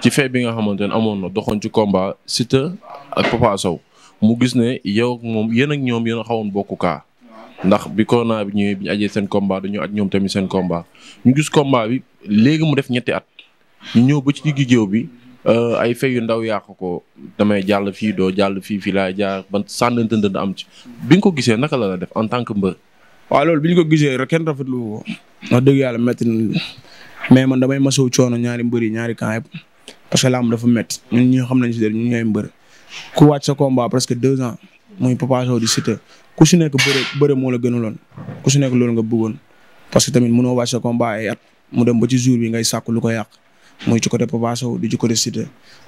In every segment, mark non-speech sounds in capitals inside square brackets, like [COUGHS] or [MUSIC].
ci fee bi nga xamante ne amoon na doxoon ci komba Siteu ak Papa mu gis ne yow ak moom yéen ak ñoom yéen a xawoon bokku kaa ndax bi corona bi ñëwee bi ñu ajee seen combat dañoo aj ñoom tamit seen combat ñu gis combat bi léegi mu def ñetti at ñëw ba ci digg géew bi euh, ay fay yu ndaw yàq ko damay jàll fii doo jàll fii fii laay jaar ban sànnante ndënd am ci bi nga ko gisee naka la la def en tant que mbër. waaw loolu bi ñu ko gisee rek kenn rafetlu ko wax dëgg yàlla métti mais man damay masawu coono ñaari mbër yi ñaari camp yëpp parce que làmb dafa métti ñun ñoo xam nañ si dara ñun ñooy mbër ku wàcc sa combat presque deux ans muy Papa di Siteu ku si nekk bëre moo la gënaloon ku si nekk loolu nga bëggoon parce que tamit munoo wàcc sa combat ay mu dem ba ci jour bi ngay sàkku lu ko yàq muy ci côté Papa di ci côté Siteu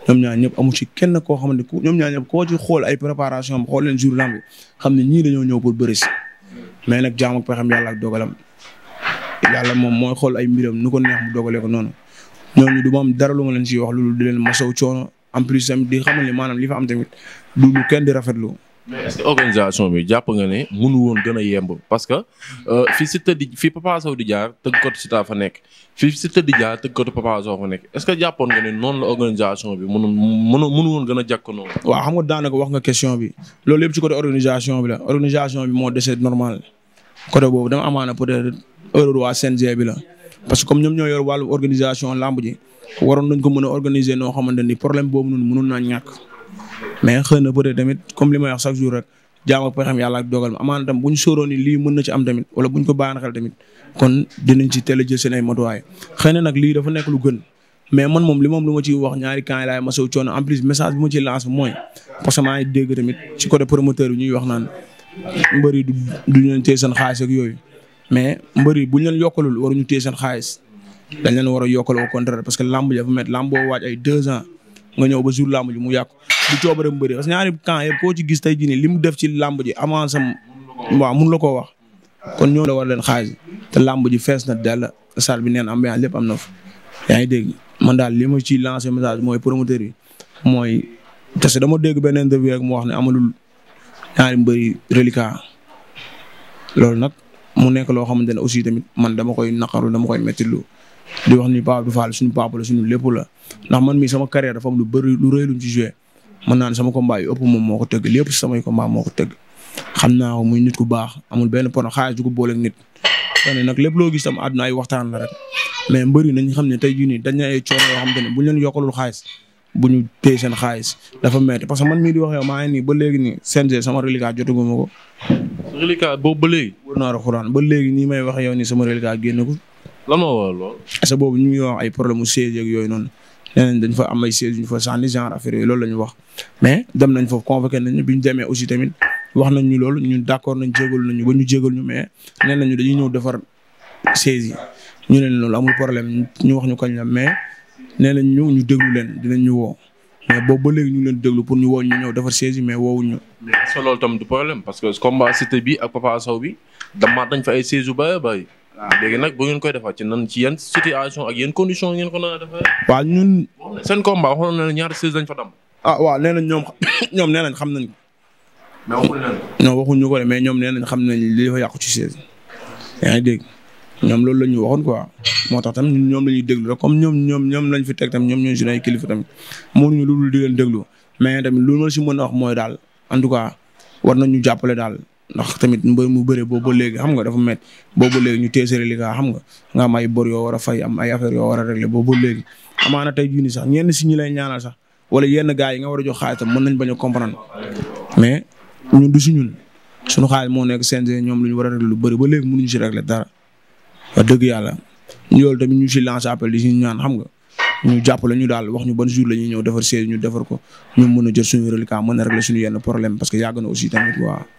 ñoom ñaar ñëpp amu ci kenn koo xam ne ku ñoom ñaa ñëpp koo ci xool ay préparation am xool leen jour làmb xam ne ñii dañoo ñëw pour bëre si mais nag jaam ak pexam yàlla ak dogalam yàlla moom mooy xool ay mbiram nu ko neex mu ko noonu ñooñu du ma am dara lu ma leen si wax loolu di leen masaw coono en plus tamit di xamal ne maanaam li fa am tamit du lu kenn di rafetlu. mais est organisation bi jàpp nga ne mënu woon gën a yemb parce que euh, fi Siteu di fi Papa Sow di jaar tëggkatu Siteu fa nekk fi Siteu di jaar tëggkatu Papa Sow fa nekk est-ce que jàppoon nga ne noonu bi mënu mënu mënu woon gën a jàkkoonoo. xam nga daanaka wax nga question bi loolu yëpp ci côté organisation bi la organisation bi moo dese normal côté boobu dama amaana peut-être erreur waa CNG bi la. parce que comme ñoom ñoo yor wàllu organisation làmb ji waroon nañ ko mën a organiser noo xamante ni problème boobu noonu mënoon naa ñàkk. mais xëy na peut-être tamit comme li may wax chaque jour rek jaam ak pexeem yàlla ak dogal ma amaana tam lii mën na ci am tamit wala bu ñu ko baaxee xel tamit kon dinañ ci teel a jël seen ay matuwaay xëy na nag lii dafa nekk lu gën. mais man moom li moom lu ma ciy wax ñaari camp yi laay masawu coono en plus message bi ma ciy lancé mooy parce que maa ngi tamit ci côté promoteur bi ñuy wax naan mbëri du du ñu leen téye seen xaalis ak yooyu mais mbër yi bu ñu leen yokkalul waruñu téye seen xaalis dañ leen war a yokkal au contraire parce que lamb ji dafa métti lamb boo waaj ay deux ans nga ñëw ba jour lamb ji mu yàqu du coobare mbëri parce que ñaari camp yëpp koo ci gis tey jii nii li mu def ci lamb ji avance am waaw mun la koo wax kon ñoo la war leen xaalis te lamb ji fees na dell salle bi neen ambiance lépp am na fa yaa ngi dégg man daal li ma ciy lancé message mooy promoteur yi mooy parce que dama dégg benn interview rek mu wax ne amalul ñaari mbëri reliquat loolu mu nekk loo xamante ne aussi tamit man dama koy naqaru dama koy méttilu di wax ni Pape Abdou Fall suñu papa la suñu lépp la ndax man mii sama carrière dafa am lu bëri lu rëy luñ ci joué naa ne sama combat yu ëpp moom moo ko tëgg lépp si samay combat moo ko tëgg xam naa ko muy nit ku baax amul benn pono xaalis du ko booleeg nit wane nag lépp loo gis tam àdduna ay waxtaan la rek mais mbëri nañ xam ne tey jii nii dañ ay coono yoo xam te ne buñ leen yokkalul xaalis bu ñu téye seen xaalis dafa metti parce que man mii di wax yow maa ngi nii ba léegi nii CNG sama reliquat jotaguma ko reliquat boobu ba léegi. wóor naa alxuraan ba léegi nii may wax yow nii sama reliquat génn ko. lan moo waral lool. parce boobu ñu ngi wax ay problème mu siège ak yooyu noonu nee dañ fa am ay siège ñu fa sànni genre affaire yooyu loolu ñu wax. mais dem nañ foofu convoqué nañ bi ñu demee aussi tamit wax nañ ñu loolu ñun d' accord nañ jégalu nañu ba ñu jégalu ñu mais nee nañu dañuy ñëw defar siège yi ñu ne loolu amul problème ñu wax ñu kañ la mais nee nañ ñu ñu déglu leen dinañ ñu woo mais boobu ba léegi ñu ngi leen déglu pour ñu woo ñu ñëw defar chaise yi mais woowuñu. mais loolu tam du problème parce que combat Siteu bi ak Papa Sow bi damaat nañ fa ay chaise ba bëri bëri. waaw léegi nag bu ngeen koy defar ci nan ci yan situation ak yan condition ngeen ko nar a defee. waaw ñun. seen na ne ñaari chaise lañ fa ah, nee nañ ñoom [COUGHS] ñoom nee nañ xam nañ ko. mais waxuñu leen ko. ko de mais ñoom nee nañ xam nañ li dafa yàqu ci chaise yaa ngi dégg ñoom loolu la ñu waxoon quoi moo tax tam ñoom la ñuy déglu rek comme ñoom ñoom ñoom lañ fi teg tam ñoom ñooy suñu ay kilifa tamit mënuñu lu dul di leen déglu mais tamit lu ma si mën a wax mooy daal en tout cas war nañ ñu jàppale daal ndax tamit mbër mu bëre boobu léegi xam nga dafa met boobu ba ñu teesere li nga xam nga nga am ay bor yoo war a fay am ay affaire yoo war a régler boobu ba léegi amaana tey jii sax ñenn si ñi lay ñaanal sax wala yenn gars yi nga war a jox xaalisam mën nañ bañ a mais ñun du si ñun suñu xaalis moo nekk CNG ñoom lu ñu war a régler lu bëri ba léegi mënuñu si régler dara wax dëgg yàlla loolu tamit ñu si lancé appel di si ñaan xam nga ñu jàppale ñu daal wax ñu ban jour la ñuy ñëw defar séeréer ñu defar ko ñu mën a jël suñu reliquat mën a régler suñu yenn problème parce que yàgg na aussi tamit waa